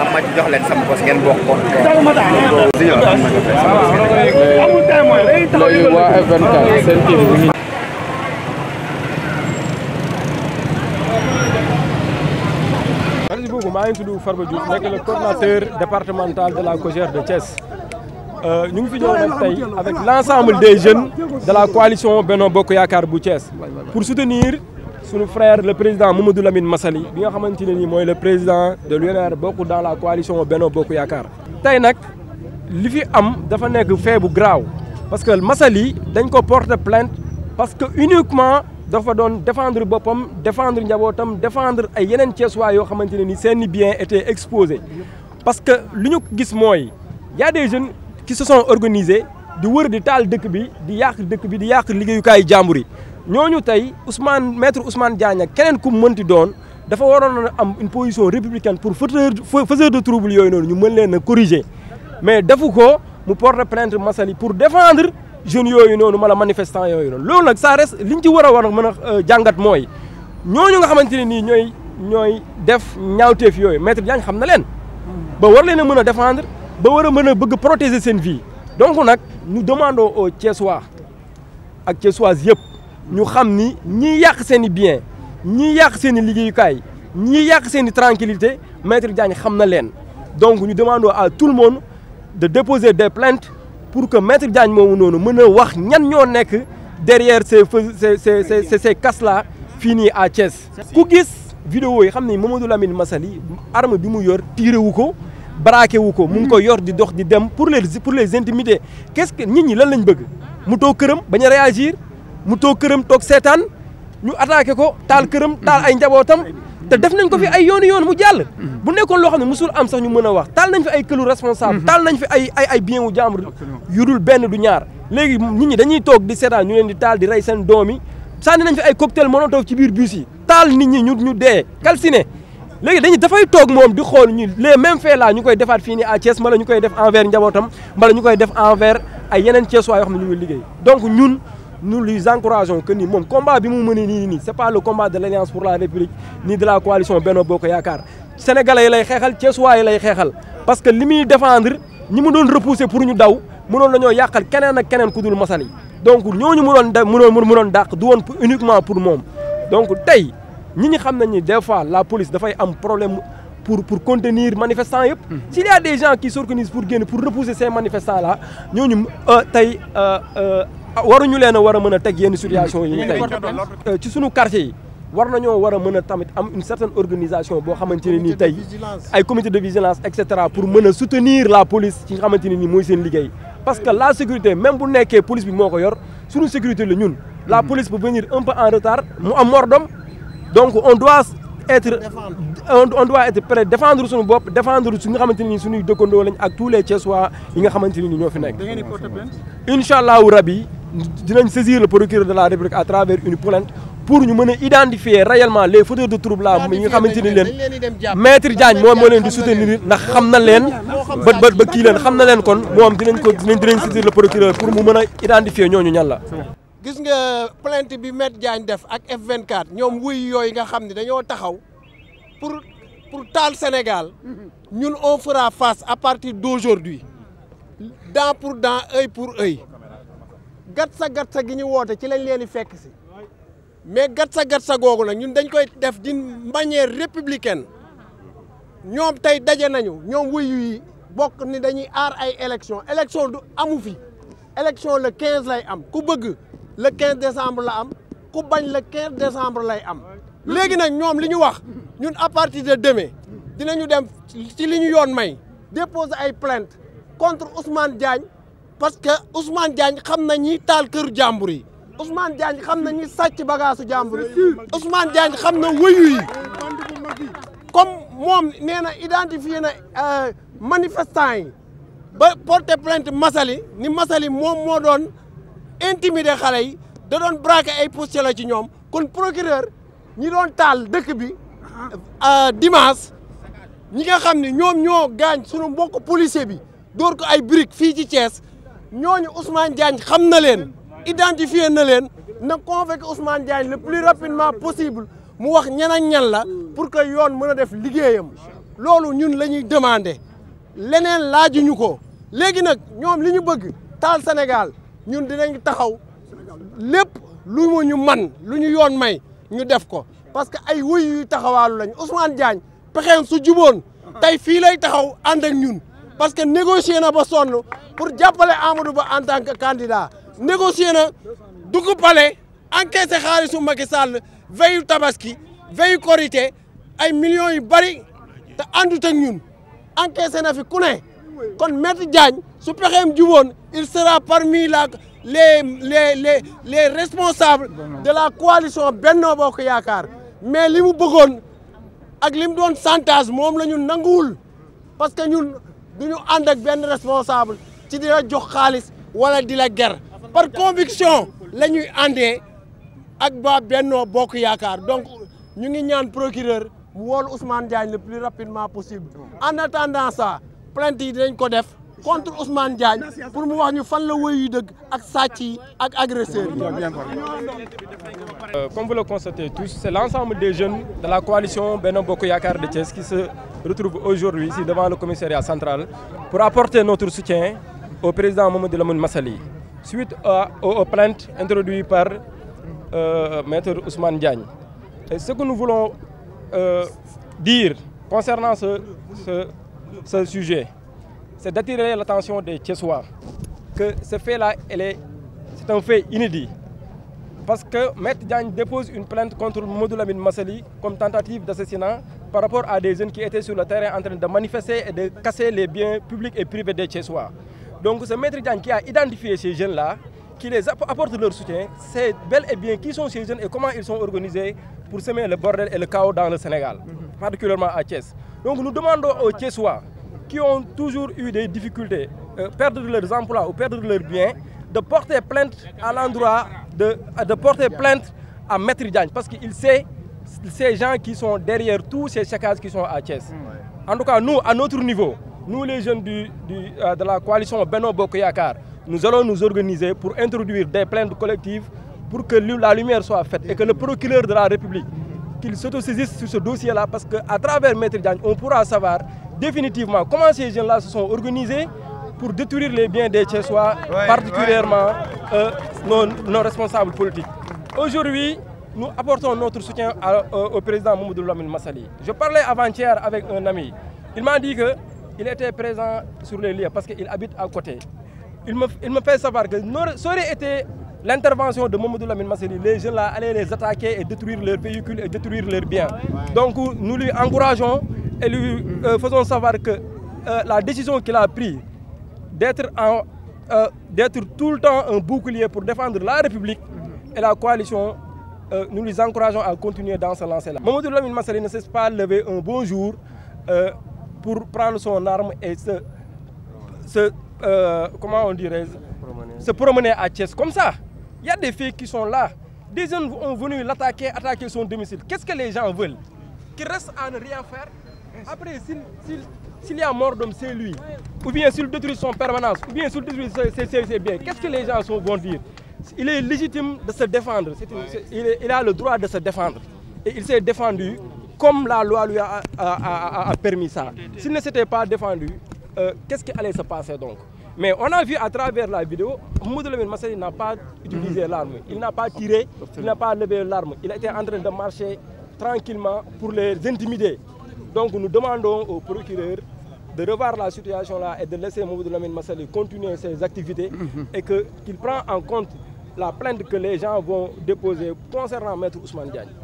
am ma jox leen sama bos maa ngi tudd Farba Diouf nekk le coordonnateur départemental de la COJER de Thiès euh, ñu ngi fi ñëw nag tey avec l' ensemble des jeunes de la coalition Benno Bokk Yaakaar bu Thiès pour soutenir suñu frère le président Mamadou Lamine Massaly bi nga xamante ne nii mooy le président de l'UNR bokk dans la coalition Benno Bokk Yaakaar. tey nag li fi am dafa nekk fait bu graaw parce que Massaly dañ ko porter plainte parce que uniquement dafa doon défendre boppam defendre njabootam defendre ay yeneen Thiessois yoo xamante ne nii seeni biens étaient exposé parce que li ñu gis mooy y a des jeunes qui se sont di wër di taal dëkk bi di yàq dëkk bi di yàq liggéeyukaayu jàmbur yi. ñooñu tey Ousmane maître Ousmane Diagne keneen ku mënti doon dafa waroon a am une position républicaine pour faiseur de trouble yooyu noonu ñu mën leen a corriger mais defu ko mu porte plainte Massaly pour défendre jeunes yooyu noonu mala manifestant yooyu noonu loolu nag ça reste li ñu ci war a war mën a euh, jàngat mooy ñooñu nga xamante ne nii ñooy ñooy def ñaawteef yooyu maître Diagne xam na leen ba war leen a mën a defendre ba war a mën a bëgg protéger seen vie donc nag ñu demandons o Thiessois ak Thiessoises yëpp ñu xam ni ñiy yàq seen i bien ñiy yàq seen i liggéeyukaay ñiy yàq seen i tranquillité maître Diagne xam na leen donc ñu demandons à tout le moon de déposer des plaintes pour que maître Diagne moomu noonu mën a wax ñan ñoo nekk derrière ces ces ces ces ces cas là fii nii à Thiès. ku gis vidéo yi xam ni Mamadou Lamine Massaly arme bi mu yor tiire wu ko braqué wu ko mu ngi koy yor di dox di dem pour le pour les intimider qu'est-ce que ñi lan lañ bëgg mu toog këram bañ a mu toog këram toog seetaan ñu attaqué ko taal këram taal ay njabootam te def nañ ko fi ay yoonu yoon mu jàll bu nekkoon loo xam ne mosul am sax ñu mën a wax taal nañ fi ay këlu responsable mhm. taal nañ fi ay ay ay bien wu jàmbur yu dul benn du ñaar léegi nit ñi dañuy toog di seetaan ñu leen di taal di rey seen doom yi sànni nañ fi ay cocktail molotov ci biir bus yi taal nit ñi ñu ñu dee calciné léegi dañu dafay toog moom di xool ñu les mêmes faits ñu koy defaat fii nii à Thiès mbala ñu koy def envers njabootam mbala ñu koy def envers ay yeneen Thiès waa yoo xam ñu nous lui encourageons que ni moom combat bi mu mënee nii nii c'est pas le combat de l'alliance pour la république ni de la coalition Benno Bokk Yaakaar sénégalais yi lay xeexal ceesuwaa yi lay xeexal parce que li muy défendre ñi mu doon repousser pour ñu daw mënoon nañoo yàqal keneen ak keneen ku dul Massaly donc ñooñu mu doon mënoon mënoon dàq du woon uniquement pour moom donc tey ñi ñi xam nañ ni des fois la police dafay am problème pour pour contenir manifestants yëpp. Mhm. s'il y a des gens qui s'organisent pour génn pour repousser ces Ah, waruñu leen war a mën a teg yenn situation yi ñu tey euh, suñu quartier yi war nañoo war a mën a am une organisation boo xamante ne nii tey ay comité de vigilance et cetera pour mën a soutenir la police ci nga xamante ne nii mooy seen liggéey parce que la sécurité même bu nekkee police bi ko yor suñu sécurité la ñun la police peut venir un on doit être on doit être prêt défendre suñu bopp xamante ne nii suñuy dëkkandoo lañ ak tous les Thiessois yi nga xamante ñoo fi nekk incha allahu rabi dinañ saisir le procureur de la République à travers une plainte pour ñu mën a identifier réellement les fauteurs de trouble là mi nga xamante ni leen maître Diagne moom moo leen di soutenir ndax xam na leen ba ba ba kii leen xam na leen kon moom dinañ ko dinañ dinañ saisir le procureur pour mu mën a identifier ñooñu ñan la. gis nga plainte bi maître Diagne def ak F24 ñoom wuy yooyu nga xam ne dañoo taxaw pour pour taal Sénégal ñun on fera face à partir d'aujourd'hui dent pour dent œil pour gatsa gatsa gi ñu woote ci lañ leen di fekk si mais gatsa gatsa googu nag ñun dañ koy def di manière républicaine ñoom tey daje nañu ñoom wuyu yi bokk ni dañuy aar ay élection élection du amu fi élection le 15 lay am ku bëgg le 15 décembre la am ku bañ le 15 décembre lay am léegi nag ñoom li ñu wax ñun à partir de demain dinañu dem ci li ñu yoon may déposer ay plainte contre Ousmane Diagne parce que Ousmane Diagne xam na ñi taal këru jàmbur yi Ousmane Diagne xam na ñi sàcc bagaasu jàmbur yi Ousmane Diagne xam na wëyu yi comme moom nee na identifié na euh, manifestant yi ba porté plainte masali ni Massaly moom moo doon intimider xale yi da doon braquer ay poste la ci ñoom kon procureur ñi doon taal dëkk bi euh, dimanche ñi nga xam ne ñoom ñoo gaañ sunu mbokk policier bi dóor ay briques fii ci Thiès ñooñu Ousmane Diagne xam na leen identifié na leen na convoqué Ousmane Diagne le plus rapidement possible mu wax ñan ak ñan la pour que yoon mën a def liggéeyam loolu ñun la ñuy demandé leneen laajuñu ko léegi nag ñoom li ñu bëgg taal Sénégal ñun dinañ taxaw lépp lu ñu man lu ñu yoon may ñu def ko parce que ay wuyu yuy taxawaalu lañ Ousmane Diagne pexeem su juboon tey fii lay taxaw ànd ak ñun parce que négocier na ba sonn pour jàppale Amadou Ba en tant que candidat négocier na dugg palais encaissé xaalisu Macky Sall veyu tabaski veyu korité ay millions yu bëri te àndut ak ñun encaissé na fi ku ne kon maître Diagne su pexeem juboon il sera parmi la les les les les responsables de la coalition Benno Bokk Yaakaar mais li mu bëggoon ak li mu doon chantage moom la ñu nanguwul parce que ñun du ñu ànd ak benn responsable ci di la jox xaalis wala di la ger par conviction la ñuy àndee ak ba Benno Bokk Yaakaar donc ñu ngi ñaan procureur mu wool Ousmane Diagne le plus rapidement possible en attendant ça plainte ko def contre Ousmane Diagne pour mu wax ñu fan la wëy yu dëgg ak sàcc ak agresseurs yi. Euh, comme vous le constatez tous, des jeunes la coalition Benno Bokk Yaakaar de retrouve aujourd'hui ici devant le commissariat central pour apporter notre soutien au président Mamadou Lamoun Massali suite à, aux, aux, plaintes introduites par euh, Maître Ousmane Diagne. Et ce que nous voulons euh, dire concernant ce, ce, ce sujet, c'est d'attirer l'attention des Tchessois que ce fait-là, c'est un fait inédit. Parce que Maître Diagne dépose une plainte contre Mamadou Lamine Massali comme tentative d'assassinat par rapport à des jeunes qui étaient sur le terrain en train de manifester et de casser les biens publics et privés de chez soi. Donc ce maître Diagne qui a identifié ces jeunes-là, qui les apporte leur soutien, c'est bel et bien qui sont ces jeunes et comment ils sont organisés pour semer le bordel et le chaos dans le Sénégal, particulièrement à Thiès. Donc nous demandons aux Thiessois qui ont toujours eu des difficultés, euh, perdre leurs emplois ou perdre leurs biens, de porter plainte à l'endroit, de, de porter plainte à parce qu'il sait ces gens qui sont derrière tous ces saccages qui sont à Thiès. Mm. En nous, à notre niveau, nous les jeunes euh, de la coalition Beno Bokoyakar, nous allons nous organiser pour introduire des plaintes collectives pour que la lumière soit faite et que le procureur de la République qu'il s'autosaisisse sur ce dossier-là parce qu'à travers Maître Diagne, on pourra savoir définitivement comment ces se sont organisés pour détruire les biens des Tchessois, ouais, particulièrement ouais. Euh, nos, nos responsables politiques. Aujourd'hui, nous apportons notre soutien à, euh, au président Mamadou Lamine Massali. Je parlais avant-hier avec un ami. Il m'a dit qu'il était présent sur les lieux parce qu'il habite à côté. Il me, il me fait savoir que ça aurait été l'intervention de Mamadou Lamine Massali, les jeunes là allaient les attaquer et détruire leurs véhicules et détruire leurs biens. Donc nous lui encourageons et lui euh, faisons savoir que euh, la décision qu'il a prise d'être euh, tout le temps un bouclier pour défendre la République et la coalition euh, nous les encourageons à continuer dans ce la là Mamadou Lamine Massaly ne cesse pas lever un bon euh, pour prendre son arme et se, se euh, comment on dirait, se promener à Thiès comme ça. Il y a des qui sont là. Des jeunes ont venu l'attaquer, attaquer son domicile. Qu'est-ce que les gens veulent Qu'ils restent à rien faire Après, s'il y a mort d'homme, c'est lui. Ou bien s'il détruit son permanence, ou bien Qu'est-ce que les gens vont dire il est légitime de se défendre il, a le droit de se défendre et il s'est défendu comme la loi lui a, a, a, a permis ça s'il ne s'était pas défendu euh, qu'est-ce qui allait se passer donc mais on a vu à travers la vidéo Mamadou Lamine Massaly n'a pas utilisé mhm. l'arme il n'a pas tiré il n'a pas levé l'arme il était en train de marcher tranquillement pour les intimider donc nous demandons au procureur de revoir la situation la et de laisser Mamadou Lamine Massaly continuer mhm. en compte la plainte que les gens vont déposer concernant Maître Ousmane Diagne.